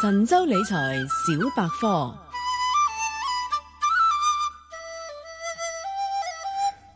神州理財小百科。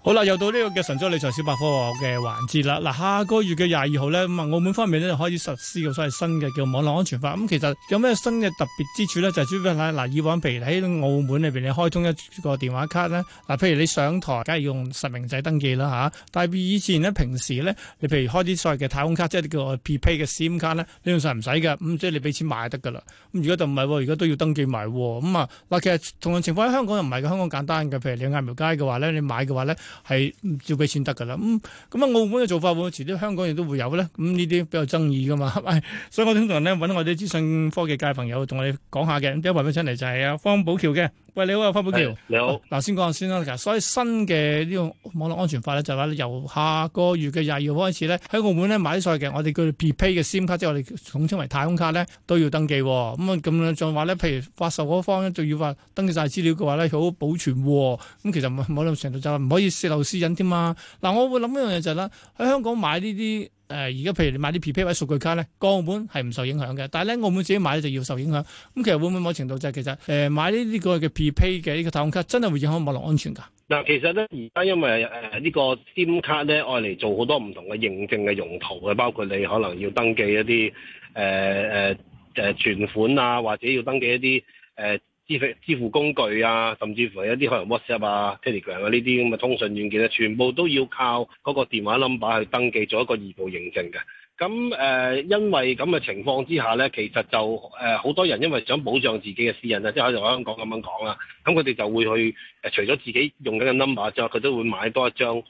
好啦，又到呢個嘅神州理財小百科嘅環節啦。嗱，下個月嘅廿二號咧，咁啊澳門方面咧就開始實施個所謂新嘅叫網絡安全法。咁其實有咩新嘅特別之處咧？就主要係嗱，以往譬如喺澳門裏邊你開通一個電話卡咧，嗱，譬如你上台梗係用實名制登記啦吓。但係以前呢，平時咧，你譬如開啲所謂嘅太空卡，即係叫 prepay 嘅 sim 卡咧，用你用晒唔使嘅，咁即係你俾錢買得噶啦。咁而家就唔係喎，而家都要登記埋。咁啊，嗱，其實同樣情況喺香港又唔係嘅，香港簡單嘅，譬如你去鴨寮街嘅話咧，你買嘅話咧。係照俾錢得噶啦，咁咁啊，澳門嘅做法會，會遲啲，香港亦都會有咧。咁呢啲比較爭議噶嘛，係，所以我哋通常咧揾我哋資訊科技界朋友同我哋講下嘅，咁而家揾翻上嚟就係阿方保僑嘅。喂，你好啊，方保僑。Hey, 你好，嗱先講下先啦，其實所以新嘅呢個網絡安全法咧，就係話由下個月嘅廿二號開始咧，喺澳門咧買晒嘅，我哋叫 prepaid 嘅 SIM 卡，即係我哋統稱為太空卡咧，都要登記。咁啊，咁樣仲話咧，譬如發售嗰方咧，仲要話登記晒資料嘅話咧，好保存。咁其實某種程度就唔可以泄露私隱添嘛？嗱，我會諗一樣嘢就係咧，喺香港買呢啲。誒而家譬如你買啲 pre-pay 數據卡咧，港、那個、澳門係唔受影響嘅，但係咧澳門自己買咧就要受影響。咁其實會唔會某程度就係其實誒、呃、買呢啲個嘅 pre-pay 嘅呢個數據卡，真係會影響網絡安全㗎？嗱，其實咧而家因為誒、呃這個、呢個 SIM 卡咧愛嚟做好多唔同嘅認證嘅用途嘅，包括你可能要登記一啲誒誒誒存款啊，或者要登記一啲誒。呃支付支付工具啊，甚至乎一啲可能 WhatsApp 啊、Telegram 啊呢啲咁嘅通訊軟件啊，全部都要靠嗰個電話 number 去登記做一個二步認證嘅。咁誒、呃，因為咁嘅情況之下咧，其實就誒好、呃、多人因為想保障自己嘅私隱啊，即係喺度香港咁樣講啦，咁佢哋就會去、呃、除咗自己用緊嘅 number 之後，佢都會買多一張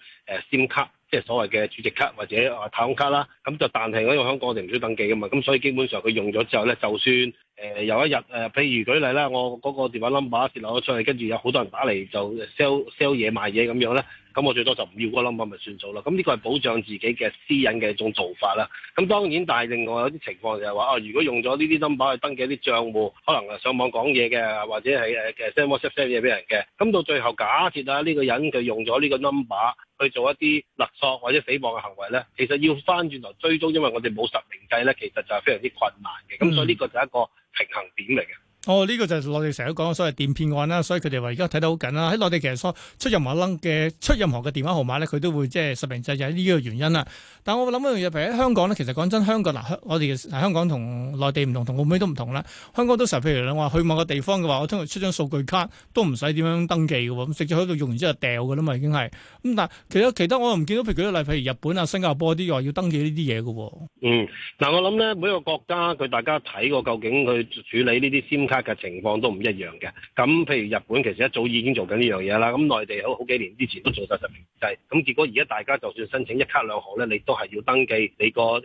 SIM 卡，即係所謂嘅儲值卡或者啊太空卡啦。咁就但係我用香港我唔需要登記嘅嘛，咁所以基本上佢用咗之後咧，就算。誒、呃，有一日誒、呃，譬如舉例啦，我嗰個電話 number 洩露咗出去，跟住有好多人打嚟就 sell sell 嘢賣嘢咁樣咧，咁我最多就唔要個 number 咪算數啦。咁呢個係保障自己嘅私隱嘅一種做法啦。咁、嗯、當然，但係另外有啲情況就係話、啊，如果用咗呢啲 number 去登記啲賬戶，可能上網講嘢嘅，或者係誒 send WhatsApp send 嘢俾人嘅，咁、嗯、到最後假設啊呢個人佢用咗呢個 number 去做一啲勒索或者死亡嘅行為咧，其實要翻轉嚟追蹤，因為我哋冇實名制咧，其實就係非常之困難嘅。咁、嗯嗯、所以呢個就係一個平衡點嚟嘅。哦，呢、這個就係我哋成日都講嘅所謂電騙案啦，所以佢哋話而家睇得好緊啦。喺內地其實出出任何嘅出任何嘅電話號碼咧，佢都會即係實名制，就係呢個原因啦。但係我諗一樣嘢，譬如喺香港咧，其實講真，香港嗱，香我哋香港同內地唔同，同澳門都唔同啦。香港都實譬如啦，我話去某個地方嘅話，我通常出張數據卡都唔使點樣登記嘅喎，咁直接喺度用完之後掉嘅啦嘛，已經係咁。但係其實其他我又唔見到，譬如舉例，譬如日本啊、新加坡啲話要登記呢啲嘢嘅喎。嗯，嗱，我諗咧，每個國家佢大家睇過究竟佢處理呢啲先。卡嘅情況都唔一樣嘅，咁譬如日本其實一早已經做緊呢樣嘢啦，咁內地好好幾年之前都做晒實名制，咁結果而家大家就算申請一卡兩號咧，你都係要登記你個誒誒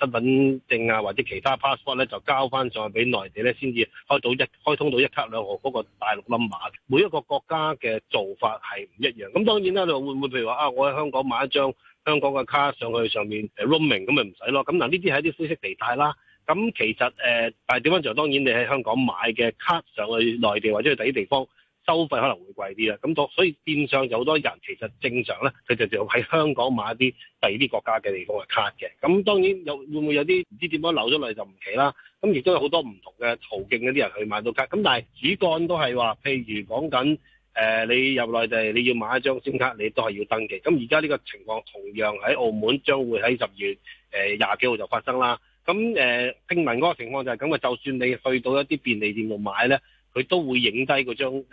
身份證啊或者其他 passport 咧，就交翻上去俾內地咧先至開到一開通到一卡兩號嗰個大陸冧碼，每一個國家嘅做法係唔一樣。咁當然啦，你會唔會譬如話啊，我喺香港買一張香港嘅卡上去上面 roaming 咁咪唔使咯？咁嗱呢啲係一啲灰色地帶啦。咁其實誒、呃，但係點樣就當然你喺香港買嘅卡上去內地或者去第啲地方收費可能會貴啲啦。咁所以變相有好多人其實正常咧，佢就就喺香港買一啲第二啲國家嘅地方嘅卡嘅。咁當然有會唔會有啲唔知點樣扭咗嚟就唔奇啦。咁亦都有好多唔同嘅途徑嗰啲人去買到卡。咁但係主幹都係話，譬如講緊誒，你入內地你要買一張先卡，你都係要登記。咁而家呢個情況同樣喺澳門將會喺十月誒廿幾號就發生啦。咁誒、呃，聽聞嗰個情況就係咁啊，就算你去到一啲便利店度買咧，佢都會影低嗰張誒誒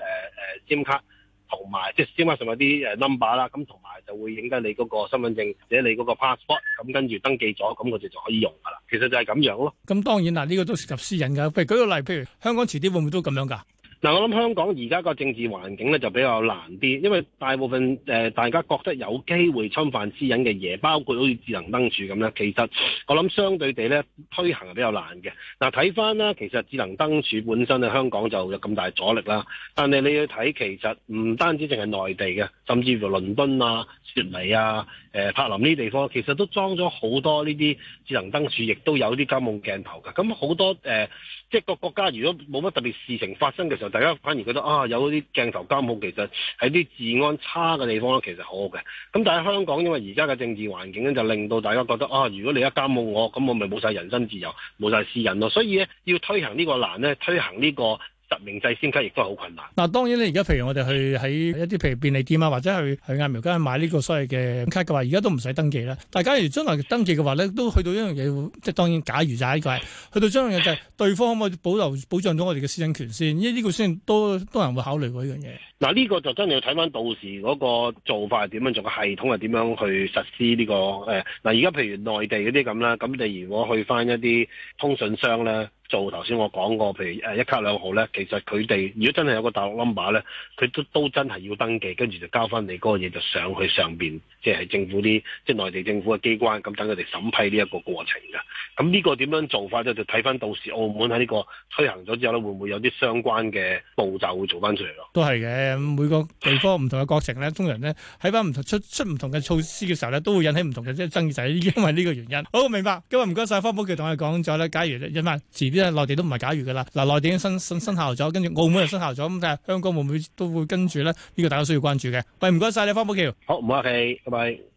SIM 卡，同埋即係 SIM 卡上有啲誒 number 啦，咁同埋就會影低你嗰個身份證或者你嗰個 passport，咁跟住登記咗，咁我哋就可以用噶啦。其實就係咁樣咯。咁當然啦，呢、這個都涉及私隱噶。譬如舉個例，譬如香港遲啲會唔會都咁樣噶？嗱、啊，我諗香港而家個政治環境咧就比較難啲，因為大部分誒、呃、大家覺得有機會侵犯私隱嘅嘢，包括好似智能燈柱咁咧，其實我諗相對地咧推行係比較難嘅。嗱、啊，睇翻啦，其實智能燈柱本身咧香港就有咁大阻力啦。但係你要睇，其實唔單止淨係內地嘅，甚至乎倫敦啊、雪梨啊、誒、呃、柏林呢啲地方，其實都裝咗好多呢啲智能燈柱，亦都有啲監控鏡頭嘅，咁好多誒、呃、即係個國家如果冇乜特別事情發生嘅時候。大家反而覺得啊，有啲鏡頭監控其實喺啲治安差嘅地方咧，其實好好嘅。咁但係香港因為而家嘅政治環境咧，就令到大家覺得啊，如果你一監控我，咁我咪冇晒人身自由，冇晒私隱咯。所以咧，要推行呢個難咧，推行呢個。實名制先卡亦都係好困難。嗱，當然咧，而家譬如我哋去喺一啲譬如便利店啊，或者去去鴨寮街買呢個所謂嘅卡嘅話，而家都唔使登記啦。但係假如將來登記嘅話咧，都去到一樣嘢，即係當然，假如就係呢個係去到。將樣嘢就係對方可唔可以保留 保障咗我哋嘅私隱權先？依呢個先都多人會考慮過呢樣嘢。嗱，呢個就真係要睇翻到時嗰個做法係點樣，做，個系統係點樣去實施呢、這個？誒、呃，嗱，而家譬如內地嗰啲咁啦，咁你如果去翻一啲通訊商咧？做頭先我講過，譬如誒一卡兩號咧，其實佢哋如果真係有個大陸 number 咧，佢都都真係要登記，跟住就交翻你嗰個嘢就上去上邊、就是，即係政府啲即係內地政府嘅機關，咁等佢哋審批呢一個過程㗎。咁、這個、呢個點樣做法咧，就睇翻到時澳門喺呢個推行咗之後咧，會唔會有啲相關嘅步驟會做翻出嚟咯？都係嘅，每個地方唔同嘅國情咧， 通常咧喺翻唔同出出唔同嘅措施嘅時候咧，都會引起唔同嘅即係爭議，就係因為呢個原因。好，明白。今日唔該晒方保僑同我講咗咧，假如一晚遲啲。即係內地都唔係假如嘅啦，嗱內地已經生生生效咗，跟住澳門又生效咗，咁但係香港會唔會都會跟住咧？呢個大家需要關注嘅。喂，唔該晒你，方保僑。好，唔該，拜拜。